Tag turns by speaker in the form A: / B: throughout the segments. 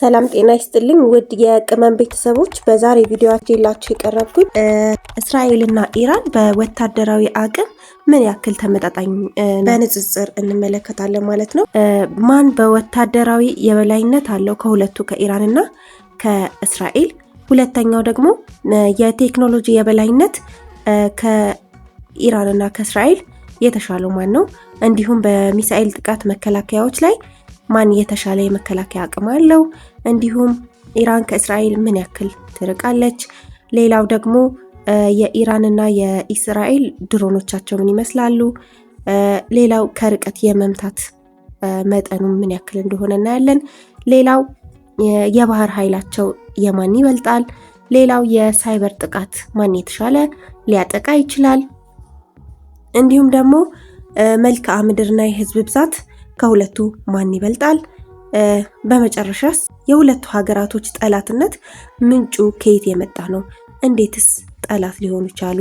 A: ሰላም ጤና ይስጥልኝ ውድ የቅመም ቤተሰቦች፣ በዛሬ ቪዲዮችን ላችሁ የቀረብኩት እስራኤልና ኢራን በወታደራዊ አቅም ምን ያክል ተመጣጣኝ በንጽጽር እንመለከታለን ማለት ነው። ማን በወታደራዊ የበላይነት አለው ከሁለቱ ከኢራንና ከእስራኤል? ሁለተኛው ደግሞ የቴክኖሎጂ የበላይነት ከኢራንና ከእስራኤል የተሻለው ማን ነው? እንዲሁም በሚሳኤል ጥቃት መከላከያዎች ላይ ማን የተሻለ የመከላከያ አቅም አለው፣ እንዲሁም ኢራን ከእስራኤል ምን ያክል ትርቃለች። ሌላው ደግሞ የኢራንና የእስራኤል ድሮኖቻቸው ምን ይመስላሉ። ሌላው ከርቀት የመምታት መጠኑ ምን ያክል እንደሆነ እናያለን። ሌላው የባህር ኃይላቸው የማን ይበልጣል። ሌላው የሳይበር ጥቃት ማን የተሻለ ሊያጠቃ ይችላል። እንዲሁም ደግሞ መልክዓ ምድርና የህዝብ ብዛት ከሁለቱ ማን ይበልጣል? በመጨረሻስ የሁለቱ ሀገራቶች ጠላትነት ምንጩ ከየት የመጣ ነው? እንዴትስ ጠላት ሊሆኑ ቻሉ?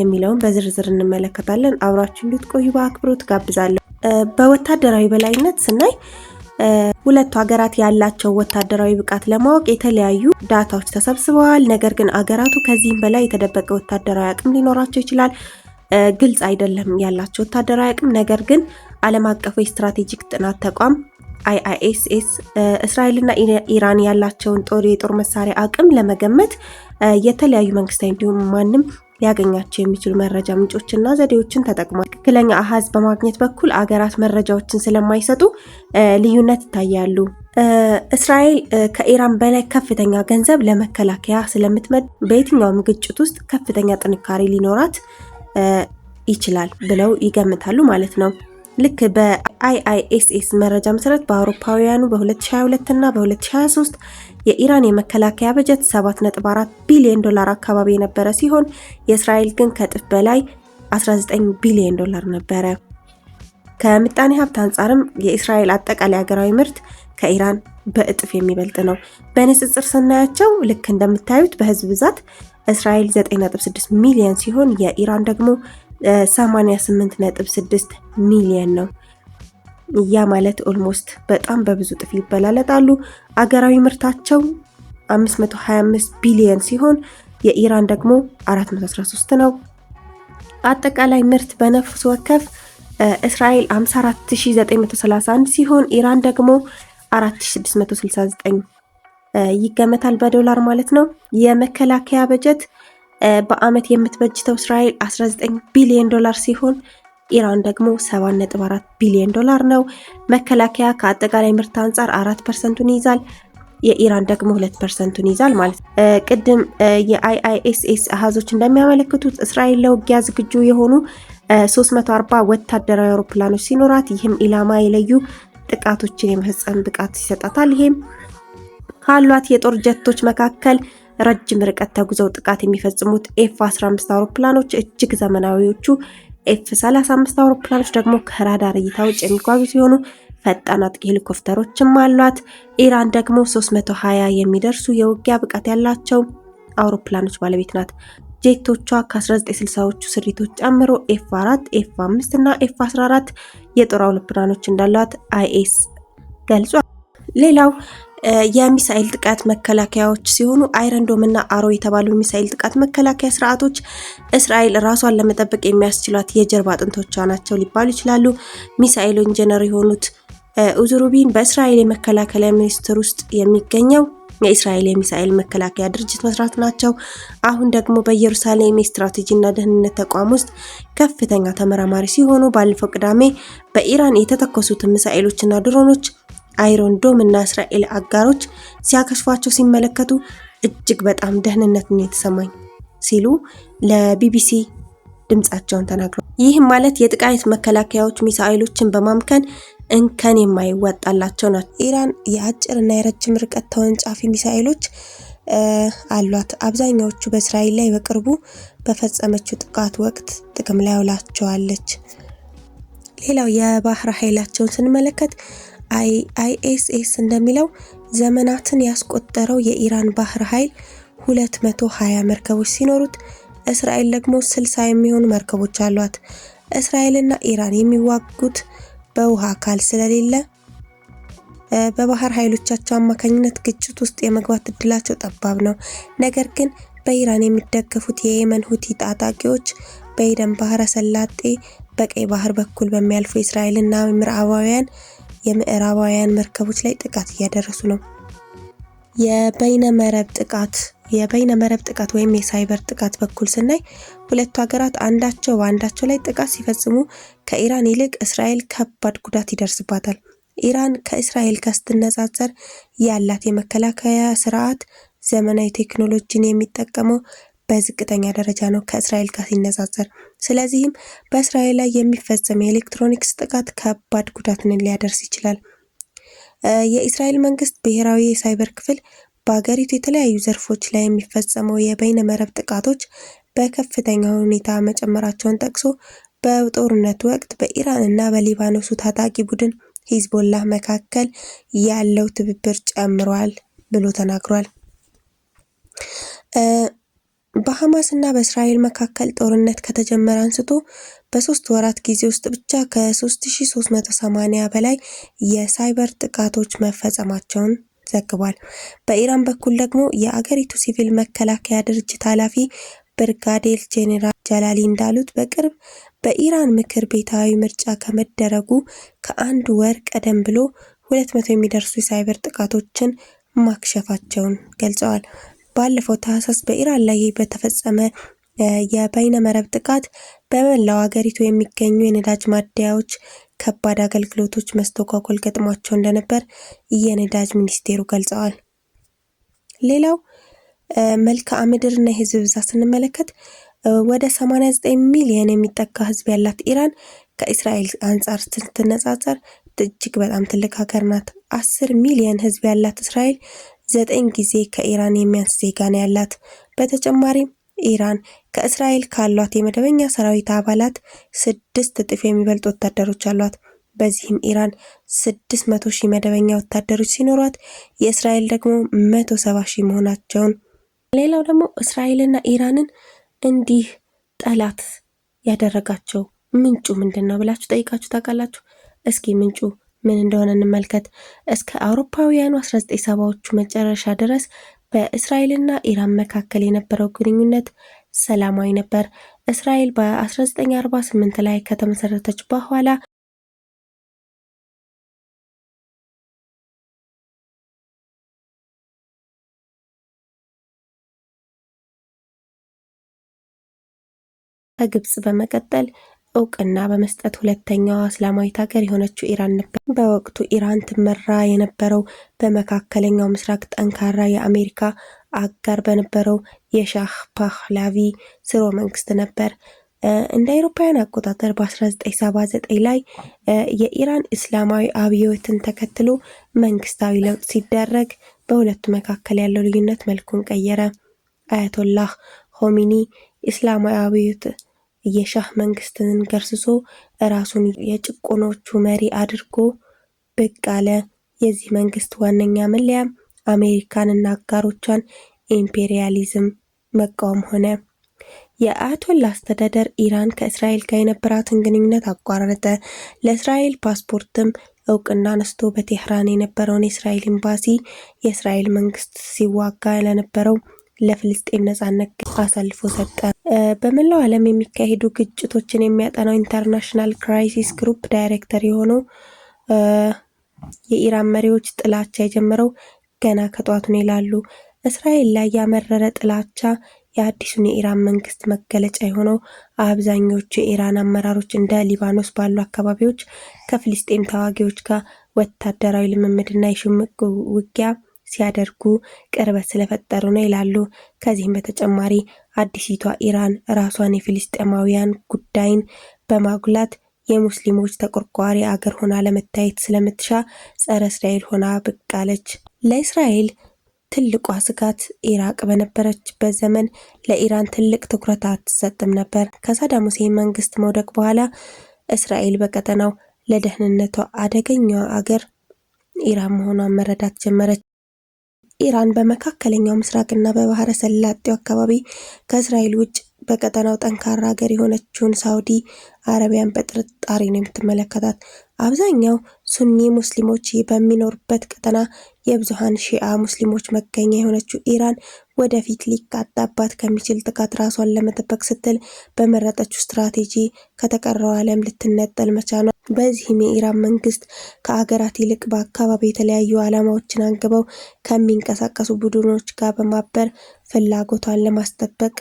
A: የሚለውን በዝርዝር እንመለከታለን። አብራችሁ እንድትቆዩ በአክብሮት ጋብዛለሁ። በወታደራዊ በላይነት ስናይ ሁለቱ ሀገራት ያላቸው ወታደራዊ ብቃት ለማወቅ የተለያዩ ዳታዎች ተሰብስበዋል። ነገር ግን አገራቱ ከዚህም በላይ የተደበቀ ወታደራዊ አቅም ሊኖራቸው ይችላል። ግልጽ አይደለም ያላቸው ወታደራዊ አቅም። ነገር ግን ዓለም አቀፉ የስትራቴጂክ ጥናት ተቋም አይአይኤስኤስ እስራኤልና ኢራን ያላቸውን ጦር የጦር መሳሪያ አቅም ለመገመት የተለያዩ መንግስታዊ እንዲሁም ማንም ሊያገኛቸው የሚችሉ መረጃ ምንጮችና ዘዴዎችን ተጠቅሟል። ትክክለኛ አሃዝ በማግኘት በኩል አገራት መረጃዎችን ስለማይሰጡ ልዩነት ይታያሉ። እስራኤል ከኢራን በላይ ከፍተኛ ገንዘብ ለመከላከያ ስለምትመድ በየትኛውም ግጭት ውስጥ ከፍተኛ ጥንካሬ ሊኖራት ይችላል ብለው ይገምታሉ ማለት ነው። ልክ በአይአይኤስኤስ መረጃ መሰረት በአውሮፓውያኑ በ2022 እና በ2023 የኢራን የመከላከያ በጀት 7.4 ቢሊዮን ዶላር አካባቢ የነበረ ሲሆን የእስራኤል ግን ከእጥፍ በላይ 19 ቢሊዮን ዶላር ነበረ። ከምጣኔ ሀብት አንጻርም የእስራኤል አጠቃላይ ሀገራዊ ምርት ከኢራን በእጥፍ የሚበልጥ ነው። በንጽጽር ስናያቸው ልክ እንደምታዩት በህዝብ ብዛት እስራኤል 9.6 ሚሊዮን ሲሆን የኢራን ደግሞ 88.6 ሚሊየን ነው። ያ ማለት ኦልሞስት በጣም በብዙ ጥፍ ይበላለጣሉ። አገራዊ ምርታቸው 525 ቢሊየን ሲሆን የኢራን ደግሞ 413 ነው። አጠቃላይ ምርት በነፍስ ወከፍ እስራኤል 54931 ሲሆን ኢራን ደግሞ 4669 ይገመታል በዶላር ማለት ነው። የመከላከያ በጀት በአመት የምትበጅተው እስራኤል 19 ቢሊዮን ዶላር ሲሆን ኢራን ደግሞ 7.4 ቢሊዮን ዶላር ነው። መከላከያ ከአጠቃላይ ምርት አንጻር 4 ፐርሰንቱን ይይዛል። የኢራን ደግሞ 2 ፐርሰንቱን ይዛል ማለት ነው። ቅድም የአይአይኤስኤስ አሃዞች እንደሚያመለክቱት እስራኤል ለውጊያ ዝግጁ የሆኑ 340 ወታደራዊ አውሮፕላኖች ሲኖራት ይህም ኢላማ የለዩ ጥቃቶችን የመፈጸም ብቃት ይሰጣታል። ይሄም ካሏት የጦር ጀቶች መካከል ረጅም ርቀት ተጉዘው ጥቃት የሚፈጽሙት ኤፍ 15 አውሮፕላኖች እጅግ ዘመናዊዎቹ ኤፍ 35 አውሮፕላኖች ደግሞ ከራዳር እይታ ውጭ የሚጓዙ ሲሆኑ ፈጣን አጥቂ ሄሊኮፕተሮችም አሏት። ኢራን ደግሞ 320 የሚደርሱ የውጊያ ብቃት ያላቸው አውሮፕላኖች ባለቤት ናት። ጄቶቿ ከ1960ዎቹ ስሪቶች ጨምሮ ኤፍ 4 ኤፍ 5 እና ኤፍ 14 የጦር አውሮፕላኖች እንዳሏት አይኤስ ገልጿል። ሌላው የሚሳኤል ጥቃት መከላከያዎች ሲሆኑ አይረንዶም እና አሮ የተባሉ የሚሳኤል ጥቃት መከላከያ ስርዓቶች እስራኤል ራሷን ለመጠበቅ የሚያስችሏት የጀርባ አጥንቶቿ ናቸው ሊባሉ ይችላሉ። ሚሳኤል ኢንጂነር የሆኑት ኡዙሩቢን በእስራኤል የመከላከያ ሚኒስቴር ውስጥ የሚገኘው የእስራኤል የሚሳኤል መከላከያ ድርጅት መስራት ናቸው። አሁን ደግሞ በኢየሩሳሌም የስትራቴጂና ደህንነት ተቋም ውስጥ ከፍተኛ ተመራማሪ ሲሆኑ ባለፈው ቅዳሜ በኢራን የተተኮሱትን ሚሳኤሎችና ድሮኖች አይሮን ዶም እና እስራኤል አጋሮች ሲያከሽፏቸው ሲመለከቱ እጅግ በጣም ደህንነት ነው የተሰማኝ ሲሉ ለቢቢሲ ድምጻቸውን ተናግረዋል። ይህም ማለት የጥቃት መከላከያዎች ሚሳኤሎችን በማምከን እንከን የማይወጣላቸው ናቸው። ኢራን የአጭርና የረጅም ርቀት ተወንጫፊ ሚሳኤሎች አሏት። አብዛኛዎቹ በእስራኤል ላይ በቅርቡ በፈጸመችው ጥቃት ወቅት ጥቅም ላይ አውላቸዋለች። ሌላው የባህር ኃይላቸውን ስንመለከት አይኤስኤስ እንደሚለው ዘመናትን ያስቆጠረው የኢራን ባህር ኃይል 220 መርከቦች ሲኖሩት እስራኤል ደግሞ 60 የሚሆኑ መርከቦች አሏት። እስራኤልና ኢራን የሚዋጉት በውሃ አካል ስለሌለ በባህር ኃይሎቻቸው አማካኝነት ግጭት ውስጥ የመግባት እድላቸው ጠባብ ነው። ነገር ግን በኢራን የሚደገፉት የየመን ሁቲ ታጣቂዎች በኢደን ባህረ ሰላጤ በቀይ ባህር በኩል በሚያልፉ እስራኤልና ምዕራባውያን የምዕራባውያን መርከቦች ላይ ጥቃት እያደረሱ ነው። የበይነመረብ ጥቃት የበይነ መረብ ጥቃት ወይም የሳይበር ጥቃት በኩል ስናይ ሁለቱ ሀገራት አንዳቸው በአንዳቸው ላይ ጥቃት ሲፈጽሙ ከኢራን ይልቅ እስራኤል ከባድ ጉዳት ይደርስባታል። ኢራን ከእስራኤል ከስትነጻጸር ያላት የመከላከያ ስርዓት ዘመናዊ ቴክኖሎጂን የሚጠቀመው በዝቅተኛ ደረጃ ነው ከእስራኤል ጋር ሲነጻጸር። ስለዚህም በእስራኤል ላይ የሚፈጸም የኤሌክትሮኒክስ ጥቃት ከባድ ጉዳትን ሊያደርስ ይችላል። የእስራኤል መንግስት ብሔራዊ የሳይበር ክፍል በሀገሪቱ የተለያዩ ዘርፎች ላይ የሚፈጸመው የበይነ መረብ ጥቃቶች በከፍተኛ ሁኔታ መጨመራቸውን ጠቅሶ በጦርነት ወቅት በኢራን እና በሊባኖሱ ታጣቂ ቡድን ሂዝቦላ መካከል ያለው ትብብር ጨምሯል ብሎ ተናግሯል። በሐማስ እና በእስራኤል መካከል ጦርነት ከተጀመረ አንስቶ በሶስት ወራት ጊዜ ውስጥ ብቻ ከ3380 በላይ የሳይበር ጥቃቶች መፈጸማቸውን ዘግቧል። በኢራን በኩል ደግሞ የአገሪቱ ሲቪል መከላከያ ድርጅት ኃላፊ ብርጋዴር ጄኔራል ጀላሊ እንዳሉት በቅርብ በኢራን ምክር ቤታዊ ምርጫ ከመደረጉ ከአንድ ወር ቀደም ብሎ 200 የሚደርሱ የሳይበር ጥቃቶችን ማክሸፋቸውን ገልጸዋል። ባለፈው ታህሳስ በኢራን ላይ በተፈጸመ የበይነ መረብ ጥቃት በመላው ሀገሪቱ የሚገኙ የነዳጅ ማደያዎች ከባድ አገልግሎቶች መስተጓጎል ገጥሟቸው እንደነበር የነዳጅ ሚኒስቴሩ ገልጸዋል። ሌላው መልክዓ ምድርና የህዝብ ብዛት ስንመለከት ወደ 89 ሚሊዮን የሚጠጋ ህዝብ ያላት ኢራን ከእስራኤል አንጻር ስትነጻጸር እጅግ በጣም ትልቅ ሀገር ናት። 10 ሚሊዮን ህዝብ ያላት እስራኤል ዘጠኝ ጊዜ ከኢራን የሚያንስ ዜጋ ነው ያላት። በተጨማሪም ኢራን ከእስራኤል ካሏት የመደበኛ ሰራዊት አባላት ስድስት እጥፍ የሚበልጥ ወታደሮች አሏት። በዚህም ኢራን መቶ ሺህ መደበኛ ወታደሮች ሲኖሯት የእስራኤል ደግሞ ሰባ ሺህ መሆናቸውን። ሌላው ደግሞ እስራኤልና ኢራንን እንዲህ ጠላት ያደረጋቸው ምንጩ ምንድን ነው ብላችሁ ጠይቃችሁ ታውቃላችሁ? እስኪ ምንጩ ምን እንደሆነ እንመልከት። እስከ አውሮፓውያኑ 1970ዎቹ መጨረሻ ድረስ በእስራኤልና ኢራን መካከል የነበረው ግንኙነት ሰላማዊ ነበር። እስራኤል በ1948 ላይ ከተመሰረተች በኋላ ከግብጽ በመቀጠል እውቅና በመስጠት ሁለተኛዋ እስላማዊት ሀገር የሆነችው ኢራን ነበር። በወቅቱ ኢራን ትመራ የነበረው በመካከለኛው ምስራቅ ጠንካራ የአሜሪካ አጋር በነበረው የሻህ ፓህላቪ ስርወ መንግስት ነበር። እንደ አውሮፓውያን አቆጣጠር በ1979 ላይ የኢራን እስላማዊ አብዮትን ተከትሎ መንግስታዊ ለውጥ ሲደረግ በሁለቱ መካከል ያለው ልዩነት መልኩን ቀየረ። አያቶላህ ሆሚኒ እስላማዊ አብዮት የሻህ መንግስትን ገርስሶ ራሱን የጭቆኖቹ መሪ አድርጎ ብቅ አለ። የዚህ መንግስት ዋነኛ መለያም አሜሪካን እና አጋሮቿን ኢምፔሪያሊዝም መቃወም ሆነ። የአያቶላ አስተዳደር ኢራን ከእስራኤል ጋር የነበራትን ግንኙነት አቋረጠ። ለእስራኤል ፓስፖርትም እውቅና አነስቶ በቴህራን የነበረውን የእስራኤል ኤምባሲ የእስራኤል መንግስት ሲዋጋ ለነበረው ለፍልስጤም ነጻነት አሳልፎ ሰጠ። በመላው ዓለም የሚካሄዱ ግጭቶችን የሚያጠናው ኢንተርናሽናል ክራይሲስ ግሩፕ ዳይሬክተር የሆነው የኢራን መሪዎች ጥላቻ የጀመረው ገና ከጧቱ ነው ይላሉ። እስራኤል ላይ ያመረረ ጥላቻ የአዲሱን የኢራን መንግስት መገለጫ የሆነው አብዛኞቹ የኢራን አመራሮች እንደ ሊባኖስ ባሉ አካባቢዎች ከፍልስጤም ተዋጊዎች ጋር ወታደራዊ ልምምድና የሽምቅ ውጊያ ሲያደርጉ ቅርበት ስለፈጠሩ ነው ይላሉ። ከዚህም በተጨማሪ አዲሲቷ ኢራን ራሷን የፊልስጤማውያን ጉዳይን በማጉላት የሙስሊሞች ተቆርቋሪ አገር ሆና ለመታየት ስለምትሻ ጸረ እስራኤል ሆና ብቅ አለች። ለእስራኤል ትልቋ ስጋት ኢራቅ በነበረችበት ዘመን ለኢራን ትልቅ ትኩረት አትሰጥም ነበር። ከሳዳም ሁሴን መንግስት መውደቅ በኋላ እስራኤል በቀጠናው ለደህንነቷ አደገኛ አገር ኢራን መሆኗን መረዳት ጀመረች። ኢራን በመካከለኛው ምስራቅና በባህረ ሰላጤው አካባቢ ከእስራኤል ውጭ በቀጠናው ጠንካራ ሀገር የሆነችውን ሳውዲ አረቢያን በጥርጣሬ ነው የምትመለከታት። አብዛኛው ሱኒ ሙስሊሞች በሚኖሩበት ቀጠና የብዙሃን ሺአ ሙስሊሞች መገኛ የሆነችው ኢራን ወደፊት ሊቃጣባት ከሚችል ጥቃት ራሷን ለመጠበቅ ስትል በመረጠችው ስትራቴጂ ከተቀረው ዓለም ልትነጠል ነው። በዚህም የኢራን መንግስት ከአገራት ይልቅ በአካባቢ የተለያዩ ዓላማዎችን አንግበው ከሚንቀሳቀሱ ቡድኖች ጋር በማበር ፍላጎቷን ለማስጠበቅ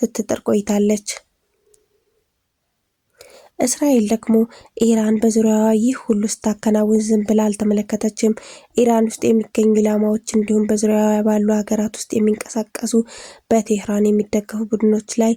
A: ስትጥር ቆይታለች። እስራኤል ደግሞ ኢራን በዙሪያዋ ይህ ሁሉ ስታከናውን ዝም ብላ አልተመለከተችም። ኢራን ውስጥ የሚገኙ ኢላማዎች እንዲሁም በዙሪያዋ ባሉ ሀገራት ውስጥ የሚንቀሳቀሱ በቴህራን የሚደገፉ ቡድኖች ላይ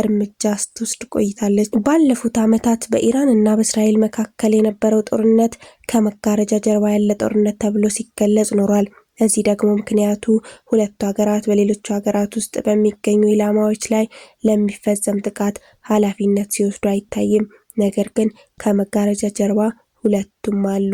A: እርምጃ ስትወስድ ቆይታለች። ባለፉት ዓመታት በኢራን እና በእስራኤል መካከል የነበረው ጦርነት ከመጋረጃ ጀርባ ያለ ጦርነት ተብሎ ሲገለጽ ኖሯል። ለዚህ ደግሞ ምክንያቱ ሁለቱ ሀገራት በሌሎቹ ሀገራት ውስጥ በሚገኙ ኢላማዎች ላይ ለሚፈጸም ጥቃት ኃላፊነት ሲወስዱ አይታይም። ነገር ግን ከመጋረጃ ጀርባ ሁለቱም አሉ።